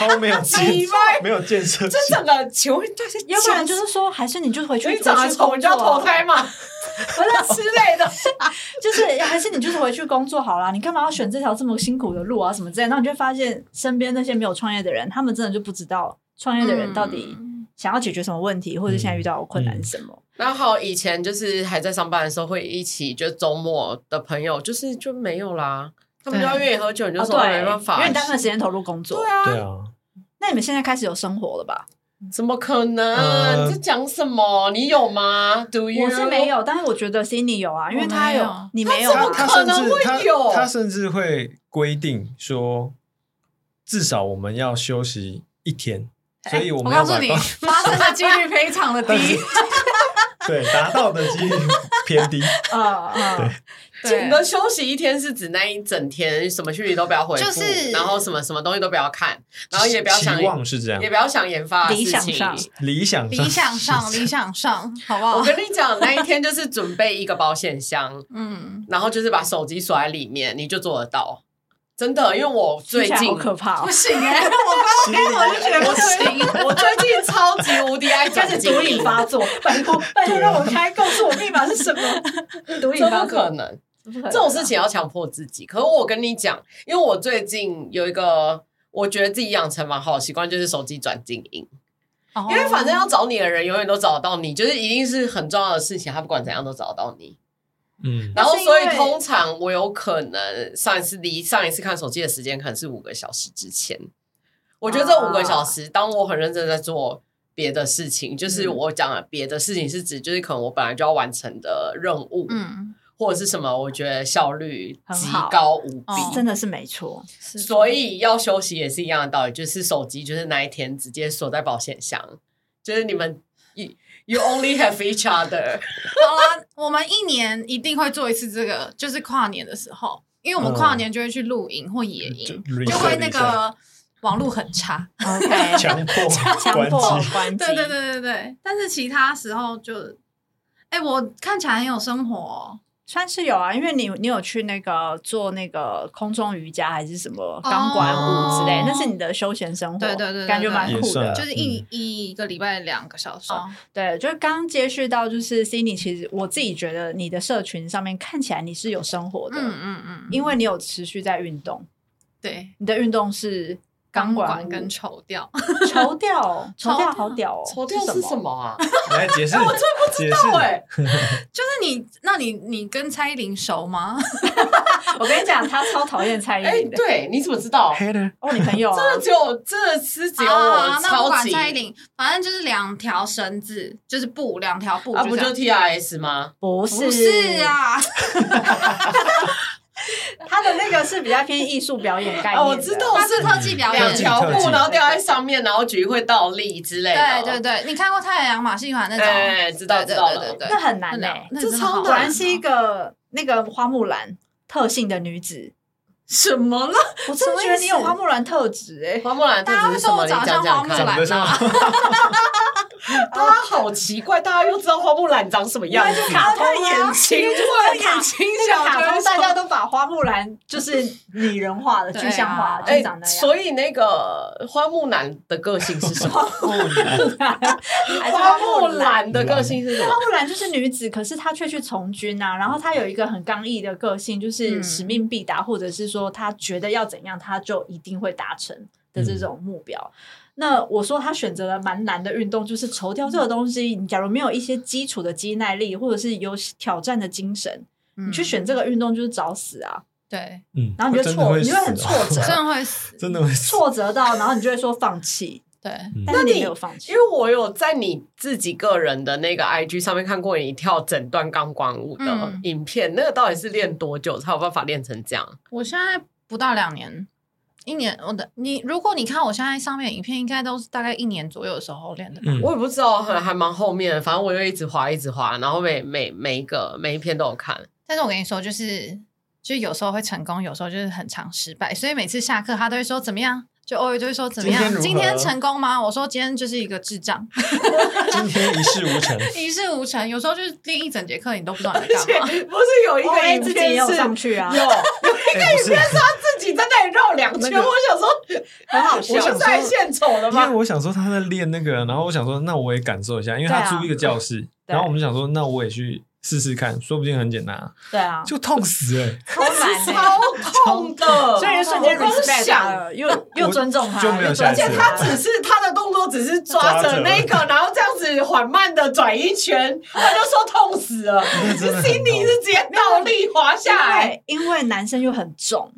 小？超沒有機會，沒有建設。真正的求，就是要不然就是說，還是你就回去。你長得醜，你就要投胎嘛。 不了是 之類的， 就是還是你就是回去工作好啦、啊。你幹嘛要選這條這麼辛苦的路啊？什麼之類的，那你就發現身邊那些沒有創業的人，他們真的就不知道創業的人到底、嗯。想要解決什麼問題，或者是現在遇到困難什麼？那、嗯、好，嗯、然後以前就是還在上班的時候會一起，就周末的朋友就是就沒有啦。他們就要願意喝酒，嗯、你就說沒、哦啊、辦法，因為你大部分時間投入工作對、啊。對啊，那你們現在開始有生活了吧？怎麼可能？嗯、你在講什麼？你有嗎？對，我是沒有，但是我覺得 Sydney 有啊，因為他有，沒有你沒有怎、啊、麼可能會有，他甚至會規定說，至少我們要休息一天。欸、所以我，我告訴你，發生的幾率非常的低。 對，達到的幾率偏低。啊 啊、uh, uh,，對。你的休息一天是指那一整天，什麼訊息都不要回復、就是，然後什麼什麼東西都不要看，然後也不要想。希望是這樣。也不要想研發的事情。理想上，理想理想上 理想上，好不好？我跟你講，那一天就是準備一個保險箱，嗯， 然後就是把手機鎖在裡面，你就做得到。真的，因為我最近好可怕，喔，不行哎，欸！我剛剛我就覺得不行，我最近超級無敵愛，就是毒癮發作，拜托拜托，讓我開，告訴我密碼是什麼？毒癮不可能，不可能，這種事情要強迫，迫自己。可是我跟你講，因為我最近有一個，我覺得自己養成蠻好的習慣，就是手機轉靜音，Oh. 因為反正要找你的人永遠都找得到你，就是一定是很重要的事情，他不管怎樣都找得到你。嗯，然後所以通常我有可能上一次離上一次看手機的時間可能是五個小時之前。我覺得這五個小時，當我很認真在做別的事情，就是我講的別的事情是指就是可能我本來就要完成的任務，嗯，或者是什麼？我覺得效率極高無比，真的是沒錯。所以要休息也是一樣的道理，就是手機就是那一天直接鎖在保險箱，就是你們一。You only have each other. 好啦， 我們一年一定會做一次這個，就是跨年的時候，因為我們跨年就會去露營或野營、嗯，就會那個網絡很差。強、 okay. 迫關機、強 迫關機、對對對對對。但是其他時候就，哎、欸，我看起來很有生活、哦。算是有啊，因為你你有去那個做那個空中瑜伽還是什麼鋼管舞之類，那、哦、是你的休閒生活，對對對，對，對，感覺蠻酷的，是啊、就是一、嗯、一個禮拜兩個小時。哦哦、對，就是剛接觸到就是 Sydney，其實我自己覺得你的社群上面看起來你是有生活的，嗯嗯嗯，因為你有持續在運動，對，你的運動是。鋼管跟綢吊，綢 吊，綢吊好屌，哦。綢吊是什麼啊？我、欸、解釋，我真不知道哎。 釋哪 就是你，那你，你跟蔡依林熟嗎？ 我跟你講，他超討厭蔡依林的。欸、對，你怎麼知道？哦、 oh，你朋友？這酒，這吃酒啊。我。那我不管蔡依林，反正就是兩條繩子，就是布，兩條布，那、啊、不就 T R S 嗎？不是，不是啊。 他的那個是比較偏藝術表演概念、哦，我知道，他是特技表演，兩條布然後吊在上面，然後舉一會倒立之類的。對對對，你看過《太陽馬戲團》那種？哎，知道知道對,對,對那很難嘞、欸。這超木是一個那個花木蘭特性的女子，什麼了？我真的覺得你有花木蘭特質哎、欸，花木蘭特質是什麼？大家會說我長得像花木蘭。 他好奇怪，uh, okay. 大家又知道花木蘭長什麼樣子？卡 通眼睛， 那卡通， 卡大家都把花木蘭就是擬人化的、具 象化對，啊、所以那個花木蘭的個性是什麼？ 花木蘭的個性是什麼？ 花、木什麼 花木蘭就是女子，可是她卻去從軍啊。然後她有一個很剛毅的個性，就是使命必達，或者是說她覺得要怎樣，她就一定會達成的這種目標。那我說他選擇了蠻難的運動，就是綢吊這個東西。你假如沒有一些基礎的肌耐力，或者是有挑戰的精神，嗯、你去選這個運動，就是找死啊！對，嗯，然後你就挫，你就會很挫折，真的會死，真的會挫折到，然後你就會說放棄、嗯。對，那你沒有放棄，因為我有在你自己個人的那個 IG 上面看過你跳整段鋼管舞的影片。嗯、那個到底是練多久、嗯、才有辦法練成這樣？我現在不到兩年。一年，我的你，如果你看我現在上面影片，應該都是大概一年左右的時候練的。我也不知道，還還蠻後面，反正我就一直滑，一直滑，然後每每每一個每一篇都有看。但是我跟你說，就是就有時候會成功，有時候就是很常失敗。所以每次下課，他都會說怎麼樣，就偶爾就會說怎麼樣，今天，今天成功嗎？我說今天就是一個智障， 今天一事無成， 一事無成。有時候就是練一整節課你都不知道你在幹嘛，不是有一個影片要上去啊？有 有一個影片說。欸 他在繞兩圈，那個、我想說很好笑，在獻醜了嗎？因為我想說他在練那個，然後我想說那我也感受一下，因為他租一個教室、啊，然後我們想說那我也去試試看，說不定很簡單、啊。對啊，就痛死了，超、欸、超、超痛的，所以瞬間分想、哦、又又尊重他，他。而且他只是他的動作只是抓着那個着，然後這樣子緩慢的轉一圈，他 就說痛死了，可是心裡是直接倒立滑下來，因為，因為男生又很重。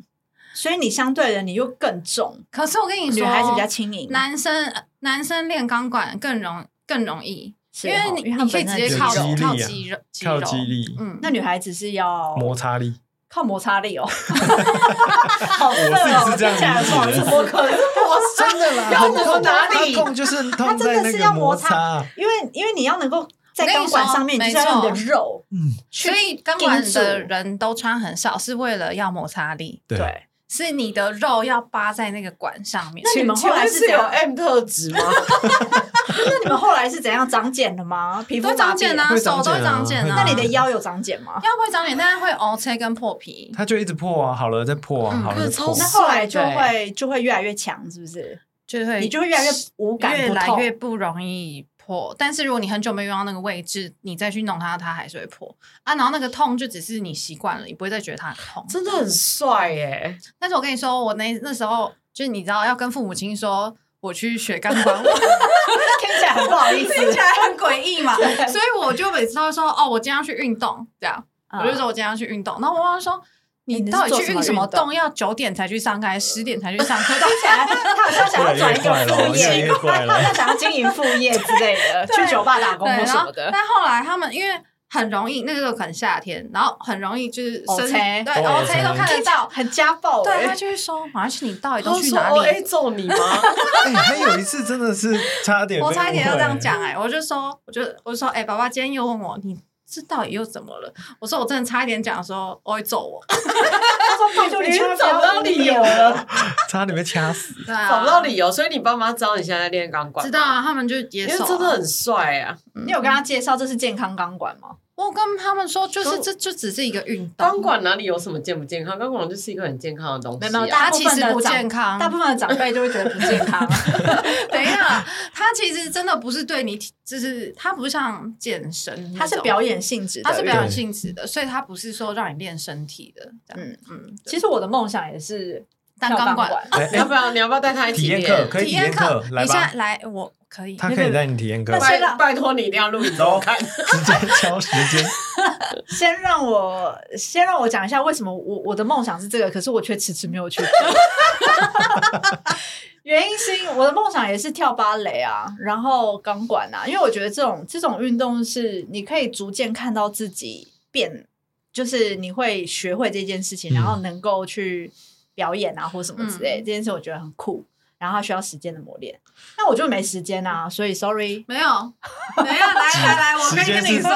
所以你相對的，你又更重。可是我跟你說，女孩子比較輕盈、啊，男生男生練鋼管更容更容易，因為你是、哦、你可以直接靠肌肉、啊，靠肌肉，靠肌力。嗯，那女孩子是要摩擦力，靠摩擦力哦。 好色哦 我自己這樣子說，我 可能是我真的啦。很 痛哪裡？痛就是痛 他真的是要摩擦，因為因為你要能夠在鋼管上面，你，你就要有肉、嗯。所以鋼管的人都穿很少、嗯，是為了要摩擦力。對。對是你的肉要扒在那個管上面，那你們後來是，是有 M 特質嗎？ 那你們後來是怎樣長繭的嗎？皮膚長繭啊，手都會長，繭啊，會長繭啊。那你的腰有長繭嗎？腰不會長繭，但是會凹切跟破皮，它就一直破啊，好了再破，啊嗯，好了那，嗯、後來就會就會越來越強，是不是？就會你就會越來越無感不痛越來越不容易，破，但是如果你很久沒有用到那個位置，你再去弄它，它還是會破啊。然後那個痛就只是你習慣了，你不會再覺得它很痛，真的很帥耶。但是我跟你說，我那那時候就是你知道要跟父母親說我去學鋼管舞， 聽起來很不好意思， 聽起來很詭異嘛。所以我就每次都會說哦，我今天去運動，這樣，uh. 我就說我今天去運動。然後我媽媽說。你到底去運什麼動？欸、什麼動要九點才去上課，還是十點才去上課。聽 起 他好像想要轉一個副業，越越越越他好像想要經營副業之類的， 去酒吧打工或什麼的然後。但後來他們因為很容易，那時、個、候很夏天，然後很容易就是生 k、okay, 對 OK 都、okay, 看得到，okay, okay, can't... 很家暴、欸。對他就會說：“馬上去你到底都去哪裡？我可以揍你嗎？”哎、 欸，他有一次真的是差點，我差點要這樣講哎、欸， 我就說，我就我就說哎、欸，爸爸今天又問我你。這到底又怎麼了？我說，我真的差一點講，的時候，我會揍我。他 說就：“你 就找不到理由了， 差點被掐死。”找不到理由，所以你爸媽知道你現在，在練鋼管？知道啊，他們就也因為真的很帥啊、嗯。你有跟他介紹這是健康鋼管嗎？我跟他們說，就是這就只是一個運動。鋼管哪裡有什麼健不健康？鋼管就是一個很健康的東西啊。沒有， 大部分的長輩就會覺得不健康。 等一下，他其實真的不是對你，就是他不像健身，他是表演性質，他是表演性質的，所以他不是說讓你練身體的。嗯嗯，其實我的夢想也是當鋼管。 要不要？你要不要帶他來體驗課？體驗課，你現在來我。可以，他可以帶你體驗，那個。拜拜託你一定要錄影，你都看。直接敲時間 先讓我先讓我講一下，為什麼我我的夢想是這個，可是我卻遲遲沒有去。 原因是，因為我的夢想也是跳芭蕾啊，然後鋼管啊，因為我覺得這種這種運動是你可以逐漸看到自己變，就是你會學會這件事情，嗯、然後能夠去表演啊，或什麼之類的，嗯，這件事我覺得很酷。然後他需要時間的磨練，那我就沒時間啊，所以 sorry，沒有，沒有，來來來，我可以跟你說，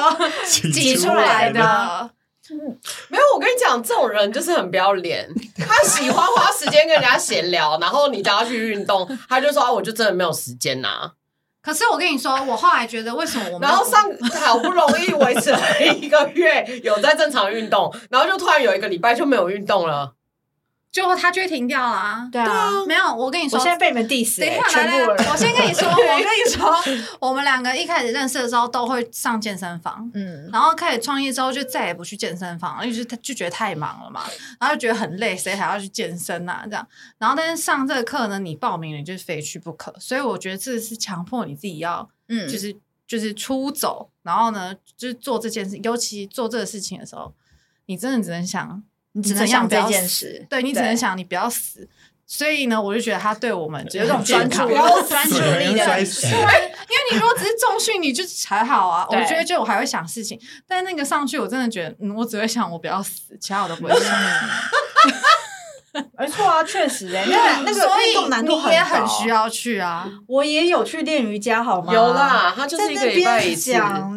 擠出來的、嗯，沒有。我跟你講，這種人就是很不要臉，他喜歡花時間跟人家閒聊， 然後你帶他去運動，他就說、啊、我就真的沒有時間吶、啊。可是我跟你說，我後來覺得為什麼我們然後上好不容易維持了一個月有在正常運動，然後就突然有一個禮拜就沒有運動了。結果他居然停掉了啊！對啊，沒有，我跟你說，我現在被你們 diss，、欸、等一下來來我先跟你說， 我跟你說，我跟你說，我們兩個一開始認識的時候都會上健身房，嗯，然後開始創業之後就再也不去健身房，因為他就覺得太忙了嘛，然後就覺得很累，誰還要去健身啊？這樣，然後但是上這個課呢，你報名了你就是非去不可，所以我覺得這是強迫你自己要、就是，嗯，就是就是出走，然後呢，就是做這件事，尤其做這個事情的時候，你真的只能想。你只能想這件事，對，你只能想你不要死。所以呢，我就覺得他對我們只有這種專注、專注力的。 對，因為你如果只是重訓，你就還好啊。我覺得就我還會想事情，但那個上去我真的覺得，嗯，我只會想我不要死，其他我都不想。 沒 錯、欸、啊，確實哎，因那那個運動難度很你也很需要去啊。我也有去練瑜伽，好嗎？有啦，他就是一個禮拜一次啊。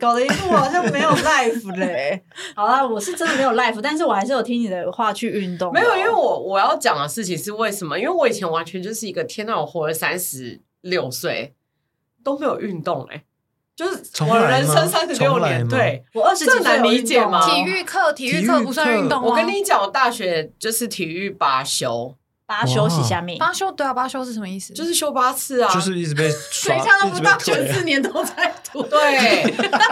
搞得 一副好像沒有 life 嘞。好啦，我是真的沒有 life， 但是我還是有聽你的話去運動。沒有，因為我我要講的事情是為什麼？因為我以前完全就是一個天吶，我活了三十六歲都沒有運動誒。就是我人生三十六年，對，我二十幾歲。這難理解嗎？體育課，體育課不算運動啊。我跟你講，我大學就是體育八修，八修是什麼。八修對啊，八修是什麼意思？就是修八次啊，就是一直被。誰家的輔導員四年都在讀？對，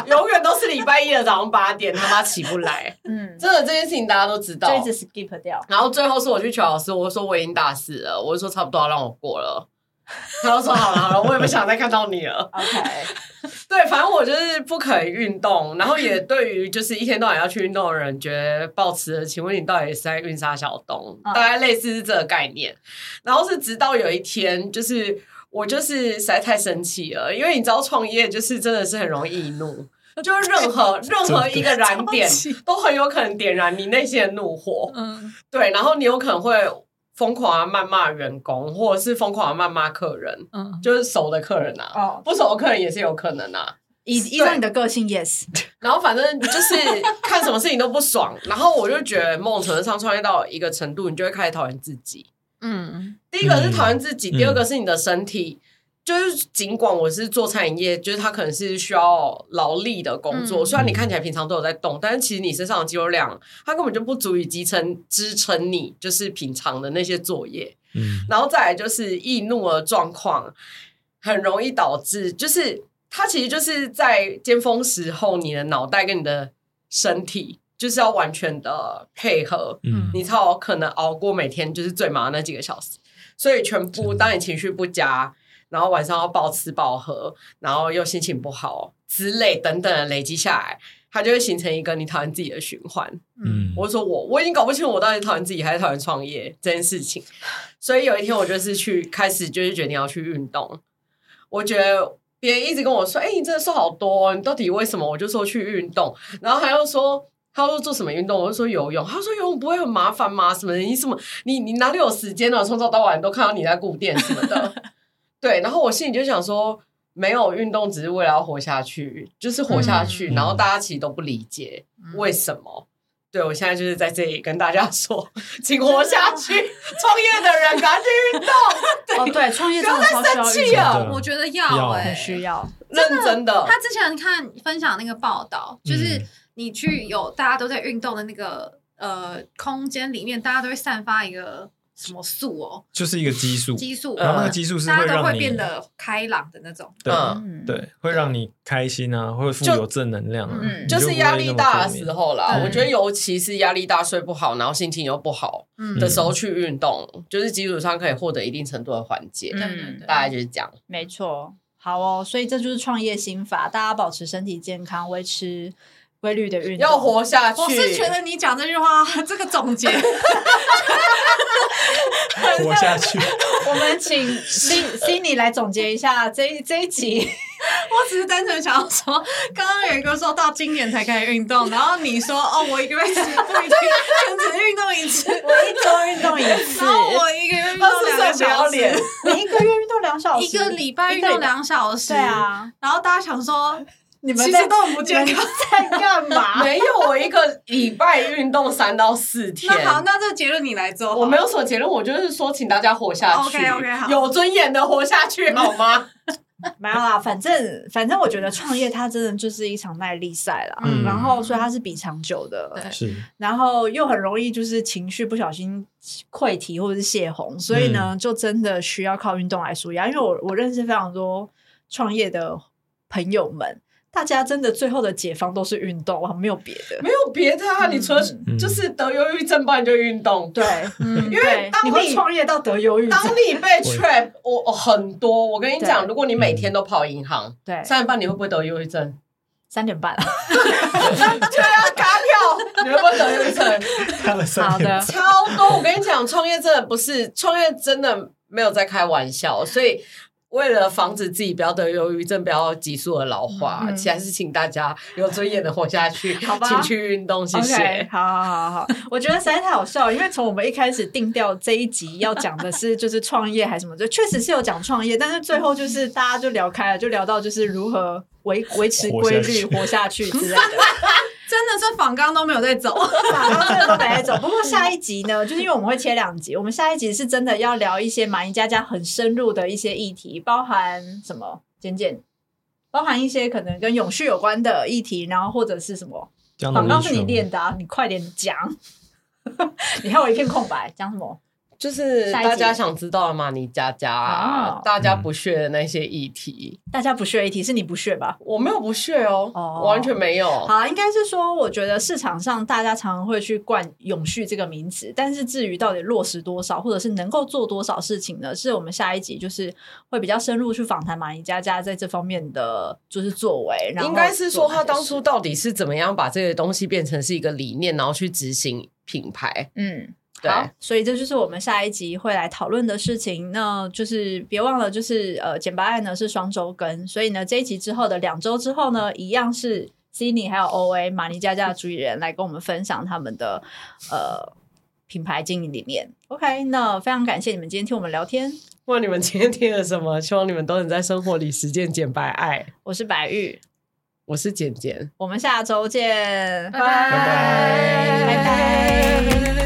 永遠都是禮拜一的早上八點，他媽起不來。嗯，真的這件事情大家都知道，就一直 skip 掉。然後最後是我去求老師，我說我已經大四了，我就說差不多要讓我過了。然 後說好了好了， 我也不想再看到你了。OK，對，反正我就是不可以運動，然後也對於就是一天到晚要去運動的人，覺得抱持。請問你到底是在運殺小東？Uh. 大概類似是這個概念。然後是直到有一天，就是我就是實在太生氣了，因為你知道創業就是真的是很容易怒， 就是任何 任何一個燃點都很有可能點燃你內心的怒火。嗯、uh.，對，然後你有可能會。瘋狂、啊、罵的謾罵員工，或者是瘋狂謾、啊、罵客人，oh. 就是熟的客人吶、啊，oh. 不熟的客人也是有可能吶、啊，依依照你的個性 yes， 然後反正就是看什麼事情都不爽， 然後我就覺得某種程度上創業到一個程度，你就會開始討厭自己，嗯、mm.，第一個是討厭自己，mm. 第二個是你的身體。就是儘管我是做餐飲業，就是他可能是需要勞力的工作，嗯。雖然你看起來平常都有在動，嗯，但是其實你身上的肌肉量，他根本就不足以集成支撐支撐你就是平常的那些作業。嗯，然後再來就是易怒的狀況，很容易導致就是他其實就是在尖峰時候，你的腦袋跟你的身體就是要完全的配合。嗯，你才有可能熬過每天就是最忙那幾個小時。所以，全部當你情緒不佳。然後晚上要暴吃暴喝，然後又心情不好之類等等的累積下來，它就會形成一個你討厭自己的循環。嗯，我就說我我已經搞不清楚我到底討厭自己還是討厭創業這件事情。所以有一天我就是去開始就是決定要去運動。我覺得別人一直跟我說：“哎，欸，你真的瘦好多，你到底為什麼？”我就說去運動。然後他又說：“他又說做什麼運動？”我就說游泳。他說：“游泳不會很麻煩嗎？什麼的？你什麼，你你哪裡有時間呢？從早到晚都看到你在顧店什麼的。 ”對，然後我心裡就想說，沒有運動只是為了要活下去，就是活下去。嗯、然後大家其實都不理解、嗯、為什麼。對，我現在就是在這裡跟大家說，請活下去。的創業的人趕快去運動。 對、哦、對，創業不要再 生氣了。我覺得要哎、欸，需要真認真的。他之前看分享那個報道，就是你去有大家都在運動的那個、嗯、呃空間裡面，大家都會散發一個。什麼素哦，就是一個激素，激、嗯、素，然後那個激素是會讓你它會變得開朗的那種，對、嗯、對，會讓你開心啊，會富有正能量、啊、就嗯就，就是壓力大的時候啦、嗯，我覺得尤其是壓力大、睡不好，然後心情又不好的時候去運動，嗯、就是基礎上可以獲得一定程度的緩解，嗯，大概就是這樣、嗯對對，沒錯，好哦，所以這就是創業心法，大家保持身體健康，維持。規律的運動要活下去，我是覺得你講這句話，這個總結 活下去。 我們請 C C 妮來總結一下這一這一集。我只是單純想要說，剛剛有哥說到今年才開始運動， 然後你說 哦，我一個月不運動，只運動一次， 我一周運動一次， 我一個月運動兩個小時，你一個月運動兩小， 小時，一個禮拜運動兩小時，對啊，然後大家想說。你們動其實都很不健康，在幹嘛？ 沒有，我一個禮拜運動三到四天。 那好，那這個結論你來做。我沒有說結論，我就是說，請大家活下去。 OK OK，好，有尊嚴的活下去，好嗎？ 沒有啦，反正反正，我覺得創業它真的就是一場耐力賽啦。嗯。然後，所以它是比長久的、嗯對。是。然後又很容易就是情緒不小心潰堤或者是洩洪，所以呢，嗯、就真的需要靠運動來舒壓。因為我我認識非常多創業的朋友們。大家真的最後的解放都是運動，啊，沒有別的，沒有別的啊。啊、嗯，你除了就是得憂鬱症，吧、嗯、你就運動。對，嗯、因為當你創業到得憂鬱症。當你被 trap，我，我很多。我跟你講，如果你每天都跑銀行，對，三點半你會不會得憂鬱症？三點半了，對啊，就要卡票， 你會不會得憂鬱症了？好的，超多。我跟你講，創業真的不是創業，真的沒有在開玩笑，所以。為了防止自己不要得憂鬱症，不要急速的老化，還、嗯、是請大家有尊嚴的活下去，嗯、好吧，請去運動。謝謝。Okay, 好，好，好好， 我覺得實在太好笑，因為從我們一開始定調這一集要講的是就是創業還是什麼，就確實是有講創業，但是最後就是大家就聊開了，就聊到就是如何維維持規律活下，活下去之類的。 真的是仿剛都沒有在走，仿剛都沒有在走。 不過下一集呢，就是因為我們會切兩集，我們下一集是真的要聊一些馬伊家家很深入的一些議題，包含什麼簡簡，包含一些可能跟永續有關的議題，然後或者是什麼講，仿剛是你練的啊，嗯，你快點講， 你看我一片空白，講什麼？就是大家想知道的。馬尼加加、嗯，大家不屑的那些議題，嗯、大家不屑議題是你不屑吧？我沒有不屑哦，嗯、完全沒有。哦、好，應該是說，我覺得市場上大家常常會去冠“永續”這個名詞，但是至於到底落實多少，或者是能夠做多少事情呢？是我們下一集就是會比較深入去訪談馬尼加加在這方面的就是作為。然後應該是說，他當初到底是怎麼樣把這個東西變成是一個理念，然後去執行品牌。嗯。好，okay. 所以這就是我們下一集會來討論的事情。那就是別忘了，就是呃，簡白愛呢是雙周更，所以呢這一集之後的兩周之後呢，一樣是 Sydney 還有 OA 馬尼加加的主理人來跟我們分享他們的呃品牌經營理念。OK，那非常感謝你們今天聽我們聊天。問你們今天聽了什麼？希望你們都能在生活裡實踐簡白愛。我是白玉，我是簡簡，我們下周見，拜拜拜拜。